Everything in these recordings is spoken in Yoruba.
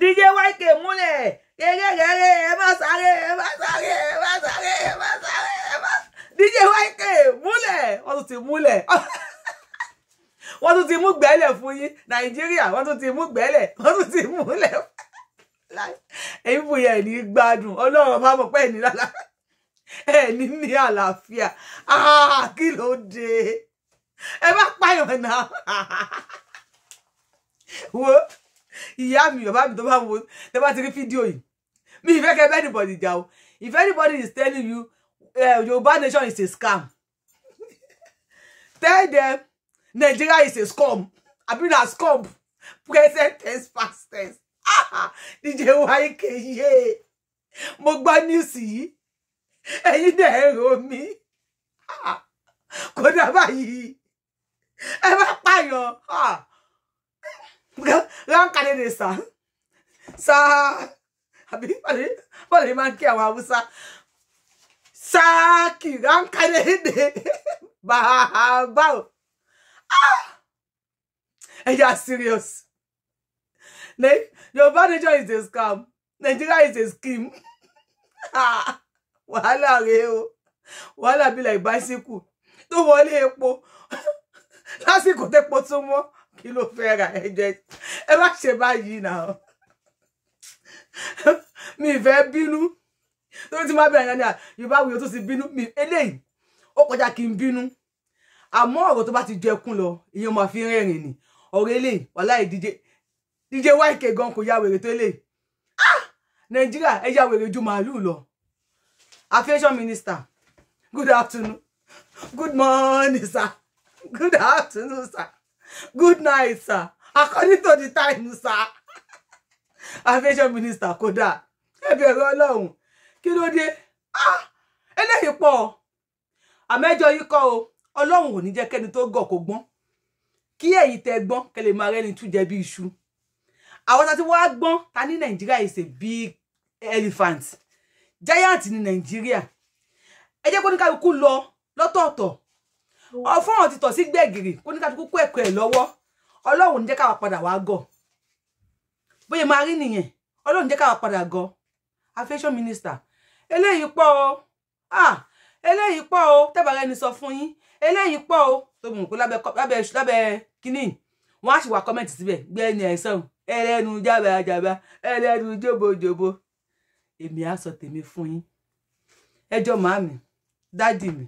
DJ YK múlẹ̀ gẹ́gẹ́gẹ́rẹ́ ẹ má sáré ẹ má sáré ẹ má sáré ẹ má sáré ẹ má DJ YK múlẹ̀ wọ́n tún ti múlẹ̀ wọ́n tún ti mú gbẹ́lẹ̀ fún yín Nàìjíríà wọ́n tún ti mú gbẹ́lẹ̀ wọ́n tún ti múlẹ̀ èyí fòye ẹ̀ ní gbádùn Ọlọ́run bá mọ̀ pé ẹ̀ ní lálá ẹ̀ ní ní àlàáfíà ah, kí ló dé ẹ bá pààyàn náà wo ìyá mi bàbá mi tó bá wo tó bá ti rí fídíò yìí mi ìfẹ́ kẹ́ bẹ́ẹ̀ nìbọ̀dì jà o if anybody is telling you uh, Yorùbá nation is a scam tell them Nigeria is a scam àbí na scam present tense past tense DJ YK yé mo gbọ́ níwsì yìí ẹ̀yin náà ẹ rò mí kódà báyìí ẹ bá pààyàn wọ́n kàdé ní sà sà àbí bọ́ọ̀lù máa ń kí àwọn haúsá sà kì wọ́n kàdé ní bàbá o ẹ̀yà serious Yorùbá nation is a scam Nigeria is a scheme ah, wàhálà rèé o wàhálà bí like bicycle tó wọlé epo lásìkò tẹ́po tó mọ́ kí ló fẹ́ ra ẹ̀jẹ̀ ẹ má ṣe báyìí náà mi ìfẹ́ bínú tó ti máa bẹ̀rẹ̀ ní à yorùbá wuyo tó ti bínú mi eléyìí ó kọjá kí n bínú àmọ́ ọ̀rọ̀ tó bá ti jẹ kún lọ ìyẹn máa fi rẹ́rìn ni ọ̀rọ̀ eléyìí wàláì díje díje wáìkè gan kò ya wèrè tó eléyìí ah nàìjíríà ẹ ya wèrè ju màálùú lọ aviation minister good afternoon good morning sir good afternoon sir good night sir according to the time sir aviation minister kódà ẹbí ẹ̀rọ ọlọ́run kí ló dé ah, eléyìí pọ̀ àmẹ́jọ yìí kọ́ o ọlọ́run ò ní jẹ́ kẹ́ni tó gọ̀ kó gbọ́n kí èyí tẹ gbọ́n kẹlẹ̀ máa rẹ́ni tún jẹ bí iṣu àwọn tá ti wá gbọ́n ta ní nàìjíríà is a big elephant giant ní nàìjíríà ẹ jẹ́ kó ní kálukú lọ lọ́tọ̀ọ̀tọ̀ ọfọ́n ti tọ̀ sí gbẹ̀gìrì kó ní kálukú kó ẹ̀kọ́ ẹ̀ lọ́wọ́ ọlọ́run ní jẹ́ káwa padà wá gọ̀ bóyá máa rí nìyẹn ọlọ́run jẹ́ káwa padà gọ̀ aviation minister eléyìí pọ̀ o ah eléyìí pọ̀ o tẹ́bàrà ẹni sọ fún yín eléyìí pọ̀ o tó mọ̀ pé lábẹ́ lábẹ́ kínní wọ́n á sì wá kọ́mẹ̀ntì síbẹ̀ gbé ẹni ẹ̀sán ẹlẹ́nu jábàjábà ẹlẹ́nu jóbojóbo èmi á sọ tèmi fún yín ẹjọ́ màámi dádì mi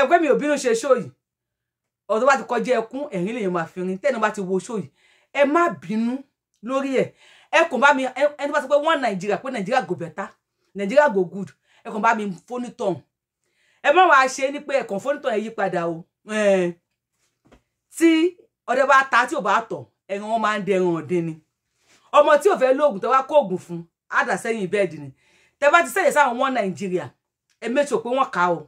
ẹgbẹ́ mi ò bínú ṣe ṣó ọ̀rọ̀ bá ti kọjá ẹkún ẹ̀rín lèyàn máa fi rin tẹ́nu bá ti wo ṣó yìí ẹ má bínú lórí ẹ̀ ẹ kàn bá mi ẹni bá sọ pé wọ́n nàìjíríà pé nàìjíríà go better nàìjíríà go good ẹ kàn bá mi fónítàn ẹ má wàá ṣe ni pé ẹ kàn fónítàn ẹ yí padà o tí ọdẹ bá ta tí ò bá tọ̀ ẹran wọn máa ń dẹran ọ̀dín ni ọmọ tí ò fẹ́ lóògùn tó wá kó oògùn fún á dà sẹ́yìn bẹ́ẹ̀dì ni tẹ bá ti sẹ́yìn sáwọn wọn nàìjíríà ẹ mẹ́tò pé wọ́n kà á o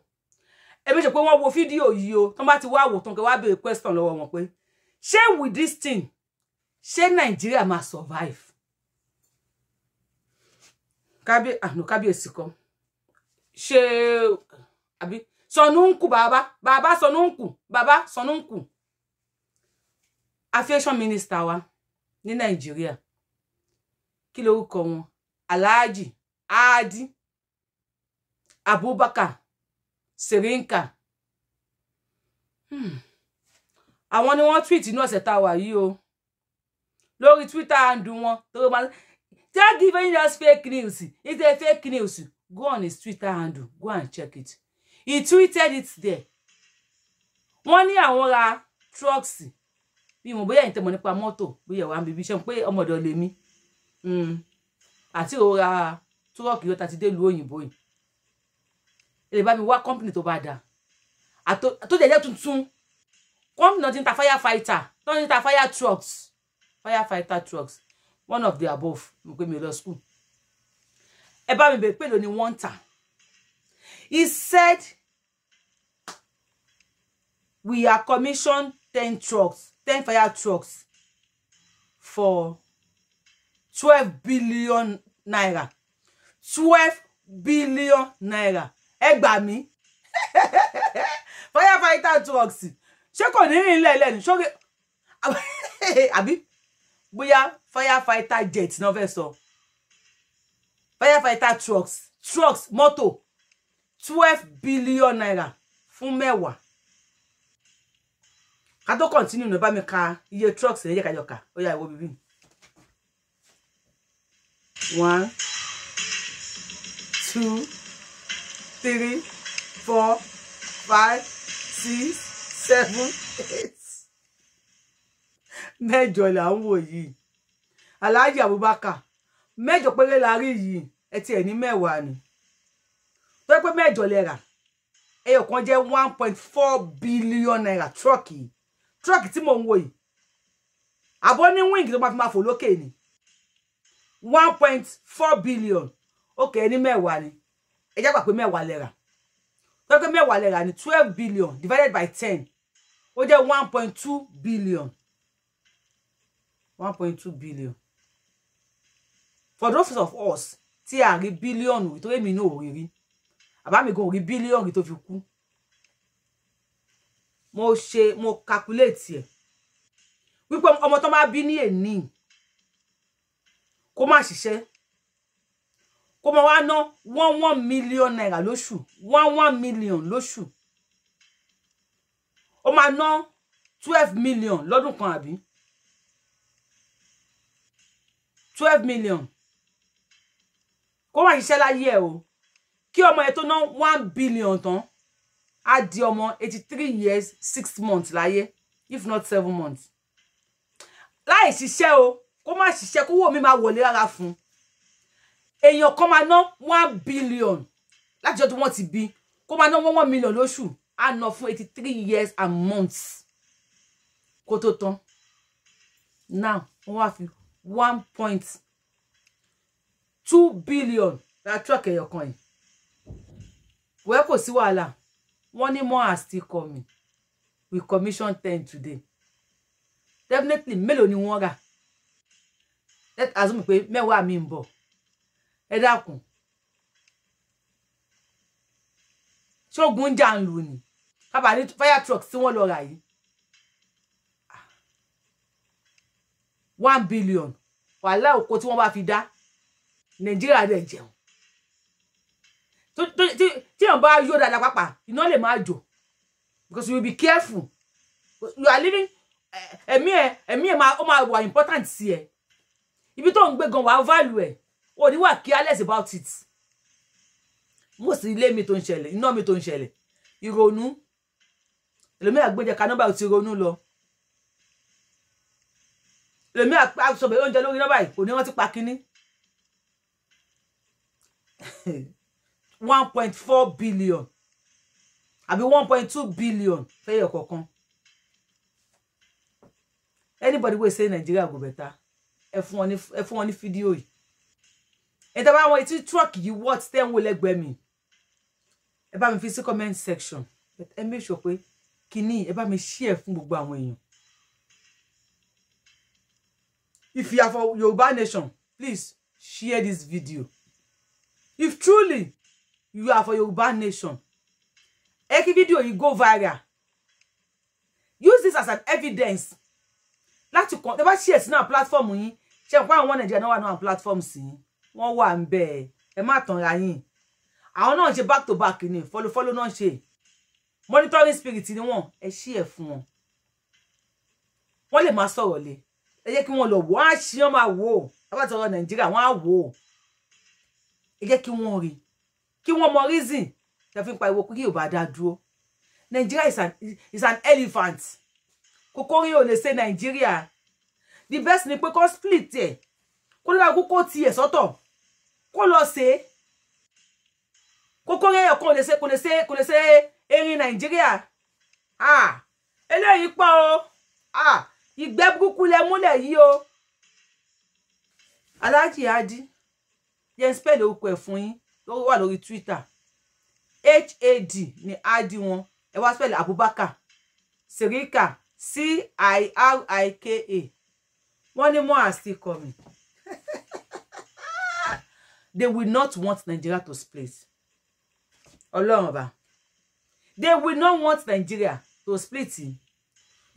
èmi ṣe pé wọ́n wo video, yìí o tọ́n bá ti wá wò tán kẹ́ wá béèrè question lọ́wọ́ wọn pé ṣé with this thing ṣé nàìjíríà máa survive ah, kábíyèsí àná kábíyèsí so ṣe àbí sọnùnkù bàbá bàbá sọnùnkù bàbá sọnùnkù Affection minister wa ni Nigeria. kí lorúkọ wọn alhaji adi abubakar sèré ń kà hmm. àwọn ni wọ́n tweet inú ọ̀sẹ̀ tá a wà yìí o lórí twitter handle wọn torí wọn just giving us fake news it's a fake news go on his twitter handle go and check it he tweeted it there wọ́n ní àwọn ra trucks bí mo bóyá ìtẹ̀mọ̀ nípa mọ́tò bóyá wà á bíbí iṣẹ́ pé ọmọdé lèmi hmm. àti òra túrọ̀kì yóò ta ti dé ìlú òyìnbó yìí lè bá mi wá company tó bá dà tó jẹ́jẹ́ tuntun company náà ti ń ta firefighter tó ń ta fire trucks fire fighter trucks one of the above mo pé mi lọ school ẹ bá mi bèè pèlò ni one ń he said we are commissioned ten trucks ten fire trucks for twelve billion naira twelve billion naira ẹ gbà mí firefighter trucks ṣé kò ní rìn lẹ́lẹ́ ní ṣókè àbí bóyá firefighter jet náà fẹ́ sọ firefighter trucks trucks mọ́tò twelve billion naira fún mẹ́wàá ká tó kọ̀ntínú ní bá mi ka iye trucks ẹ̀yẹ́ kájọ ká ó yá ìwọ bíbí one two three four five six seven eight mẹ́jọ là ń wò yìí aláàjì Abubakar mẹ́jọ péré la rí yìí ẹ ti ẹ̀ ní mẹ́wàá ni tó pé mẹ́jọ lẹ rà ẹyọ kan jẹ́ one point four billion naira tírọ́ọ̀kì tírọ́ọ̀kì tí mò ń wò yìí àbọ̀ ní wíńgì tó máa fi máa fò lókè ni one point four billion ó kẹ́ ẹ ní mẹ́wàá ni ẹ jẹ́ gbà pé mẹ́wàá lẹ́ra tó pé mẹ́wàá lẹ́ra ní twelve billion divided by ten ó jẹ́ one point two billion one point two billion for those of us tí a rí billion. ìtòrí èmi náà ò rí rí àbámi gan ò rí bílíọ̀nù tó fi kú mo ṣe mo calculate ẹ̀ wípé ọmọ tó máa bí ni. èní kó má ṣiṣẹ́ Ko máa wá ná one one million naira lóṣù one one million lóṣù o máa ná twelve million lọ́dún kan abi twelve million ko wá ṣiṣẹ́ láyé ẹ̀ o kí ọmọ ẹ tó ná one billion tán á di ọmọ eighty three years six months laye if not seven months láì ṣiṣẹ́ o kó má ko wo mi ma wole rárá fún un èèyàn kan máa ná one billion láti ọdún wọn ti bí kó máa ná one one million lóṣù á ná fún eighty three years and months kó tó tán now wọn wá fi one point two billion ra truck ẹyọ kan yìí wẹ́ẹ́ kò sí wàhálà wọ́n ní more are still coming we commission ten today definitely mélòó ni wọ́n rà let assume pé mẹ́wàá mi ń bọ̀ ẹ dákun ṣógun ń jà ń lù ní kábà ní fire truck tí wọ́n lọ rà yìí one billion wàhálà òkò tí wọ́n bá fi dá nàìjíríà rẹ̀ jẹun tí èèyàn bá yó dáadáa pàápàá iná lè máa jò because you be careful you are living eh, ẹ̀mí ẹ̀ ẹ̀mí ẹ̀ máa ó máa wà important sí ẹ ibi tó ń gbé gan wàá value ẹ̀ ò ní wà careless about it mo sì ilé mi tó ń ṣẹlẹ̀ iná mi tó ń ṣẹlẹ̀ ìrònú ẹlòmíà gbẹ́jẹ̀ ka nọ́mbà ti ronú lọ ẹlòmíà sọ̀bẹ̀ oúnjẹ lórí nọ́mbà yìí kò ní wọ́n ti pa kínní one point four billion àbí one point two billion fẹ́yẹ̀ kọ̀ọ̀kan anybody wey say Nigeria go better ẹ fún wọn ní fídíò yìí ẹ tẹ́ bá wọn etí truck yìí wọ́ọ̀tì tẹ́ wo lẹ́gbẹ̀ẹ́ mi ẹ bá mi fi sí comment section ẹ make sure pé kínní ẹ bá mi share fún gbogbo àwọn èèyàn if you are for Yoruba nation please share this video if truly you are for Yoruba nation ẹ video fídíò go viral use this as an evidence láti kàn tẹ bá share sínú àwọn platform yín ṣe pé àwọn Nàìjíríà náà wà náà àwọn platform sí yín wọ́n wà ń bẹ̀ ẹ má tanra yín àwọn náà ṣe back to back ni fọlọfọlọ náà ṣe monitoring spirit ni wọ́n ẹ ṣí ẹ fún wọn wọ́n lè máa sọ̀rọ̀ lé ẹ jẹ́ kí wọ́n lọ wò á ṣí wọ́n máa wò ó abátọrọ nàìjíríà wọ́n á wò ó ẹ jẹ́ kí wọ́n rí kí wọ́n mọ reason tẹ́ fi ń pariwo kí Yorùbá dá dúró Nigeria is an is an elephant kokori ò lè ṣe Nigeria the best ni pé kó split ẹ kó lọ́la kókó tiẹ̀ sọ́tọ̀ kó lọ ṣe é kókó rẹ kò lè ṣe kò lè ṣe kò lè ṣe erin nàìjíríà eléyìí pọ̀ o ìgbẹ́ burúkú lẹ múlẹ̀ yìí o aláàjì adi yẹn spẹ́ẹ̀lì orúkọ ẹ̀ fún yín ló wà lórí twitter had ni adi wọn ẹ wá spẹ́ẹ̀lì abubakar sirika c-i-r-i-k-a wọ́n ni mo àsìkò mi. they will not want Nigeria to split. Ọlọ́run They will not want Nigeria to split.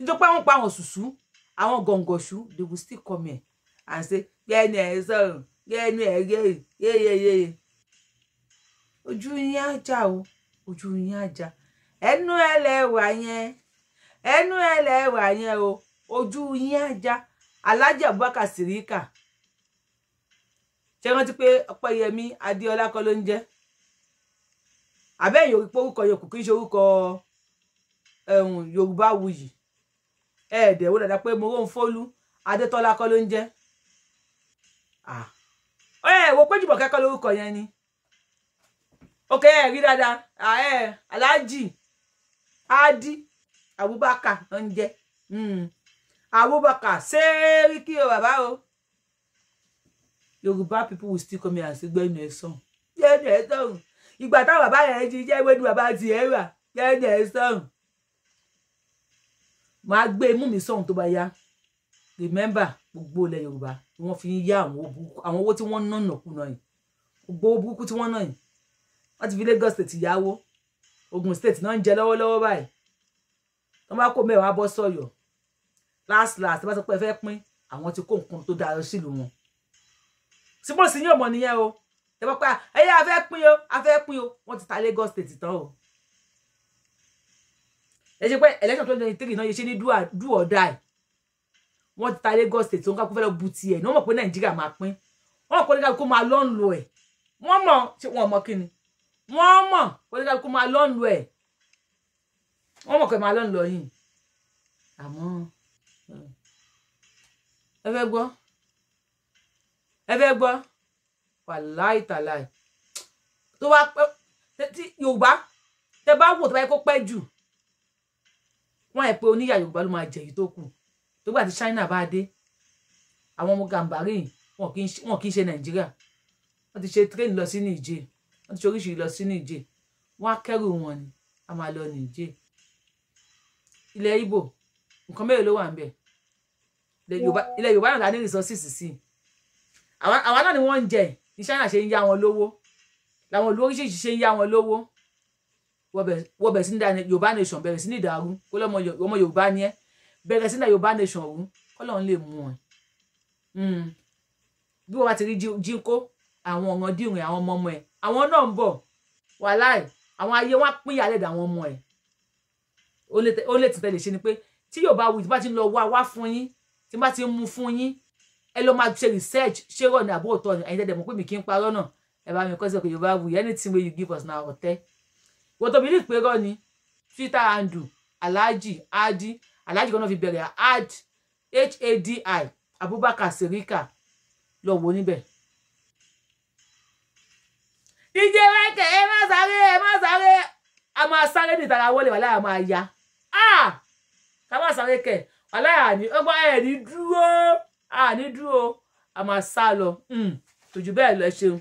Nítorí pé àwọn pa àwọn sùsù, àwọn gọ̀ǹgọ̀ṣù, they will still come here and say, yeah, yeah, sọ̀rọ̀, yeah, yeah, yeah, yeah, yeah. Oju á já o, ojú yín á já. Ẹnu ẹ̀ lẹ́wà yẹn, ẹnu ẹ̀ lẹ́wà o, ojú yín á já. Alájà Bùbákà ṣé rántí pé ọpẹ́yẹmí adéọlá kọ́ ló ń jẹ́ àbẹ́ ìyòrúpọ̀ orúkọ yòókù kì í ṣe orúkọ yorùbá wuyì ẹ̀ẹ́dẹ̀ wo dàda pé moronfolu adétọ́lá kọ́ ló ń jẹ́ ẹ wo péjùbọ̀ kẹ́kọ̀ọ́ lórúkọ yẹn ni ok ẹ rí dáadáa ẹ aláàjì adi abubakar ló ń jẹ́ hmm. abubakar ṣé rí kí o bàbá o. Yoruba people will still come here and say gbẹ́nu ẹ̀ sàn gbẹ́nu ẹ̀ sàn ìgbà táwọn bàbá yẹn ti jẹ́ wẹ́nu bàbá ti ẹ̀ rà gbẹ́nu ẹ̀ sàn màá gbé imú mi sọ̀hún tó bá yá remember gbogbo ilẹ̀ Yorùbá wọ́n fi ń yá àwọn owó tí wọ́n ná nàkúnà yìí gbogbo owó burúkú tí wọ́n ná yìí wọ́n ti fi Lagos state yáwó Ogun state náà ń jẹ lọ́wọ́lọ́wọ́ báyìí wọ́n bá kó mẹ́wàá bọ́ sọ̀yọ̀ last last bá sọ pé ẹ fẹ́ pín àwọn ti kó nǹkan tó dára sílùú wọn síbò sí ní ọmọ nìyẹn o ẹ bọ́ pé ẹyẹ a fẹ́ pín o a fẹ́ pín o wọ́n ti ta Lagos state tán o ẹ ṣe pé election twenty twenty three náà ni ṣe ní do or die wọ́n ti ta Lagos state tó ń ká kó fẹ́ lọ bu tiẹ̀ ní wọ́n mọ̀ pé Nàìjíríà máa pín wọ́n mọ̀ pé oníkàlùkù máa lọ́nlọ́ ẹ̀ wọ́n mọ̀ ṣé wọ́n mọ̀ kí ni wọ́n mọ̀ pé oníkàlùkù máa lọ́nlọ́ ẹ̀ wọ́n mọ̀ pé máa lọ́nlọ́ yìí àmọ́ ẹ fẹ́ gbọ́ ẹ fẹ́ gbọ́ wàláì tàláì tó bá pẹ́ tí yorùbá tẹ bá wò tó bá yẹ kó pẹ́ jù wọ́n ẹ̀ pé oníyà yorùbá ló máa jẹ èyí tó kù tó gbà tí china bá dé àwọn ọmọ gàmbàrí wọn kì í ṣe nàìjíríà wọ́n ti ṣe tírẹ́ẹ̀nì lọ sí nìjẹ́ wọ́n ti ṣe oríṣiríṣi lọ sí nìjẹ́ wọ́n á kẹ́rù wọn ni a máa lọ nìjẹ́ ilẹ̀ ibo nǹkan mélòó ló wà ń bẹ̀ ilẹ̀ yorùbá náà ta ní resources sí i àwa náà ni wọ́n ń jẹ ní China ṣe ń yá wọn lówó làwọn olórí ṣèṣì ṣe ń yá wọn lówó wọ́n bẹ̀rẹ̀ sí ní Yorùbá nation bẹ̀rẹ̀ sí ní ìdàrú kó lọ́mọ Yorùbá ni ẹ́ bẹ̀rẹ̀ sí ní Yorùbá nation ọ̀hún kọ́ lọ́n lè mú wọn. Hmm. bí wọ́n bá ti rí jíńkó àwọn ọ̀ràn dìrùn àwọn ọmọ ọmọ ẹ̀ àwọn náà ń bọ̀ wàláì àwọn ayé wọn pín ìyàlẹ̀ dà àwọn ọmọ ẹ̀ ó lè tẹ̀lé ṣe ni pé tí Yorùbá wù tí bá ti lọ wá wá fún yín tí bá ti mú fún yín ẹ lọ máa ṣe research ṣé rọ ní àbó òtọ ni ẹ̀yin tẹdẹ mọ̀ pé mi kì í parọ́ náà ẹ bá mi kọ sí ọkọ yorùbá wuyì anything wey you give us na ọ̀tẹ̀ wọ́n tóbi ní ìpérọ ni twitter handle alhaji adi alhaji kan náà fi bẹ̀rẹ̀ ad hadi abubakar serika lọ wò níbẹ̀. ìjẹ́ wẹ́kẹ̀ ẹ má sáré ẹ má sáré a máa sáré ní ìtara wọlé wàhálà máa ya ah! ká má sáré kẹ̀ wàhálà ẹ̀ ní dúró a ní dúró a máa sá lọ tó hmm, jù bẹ́ẹ̀ lọ ṣeun.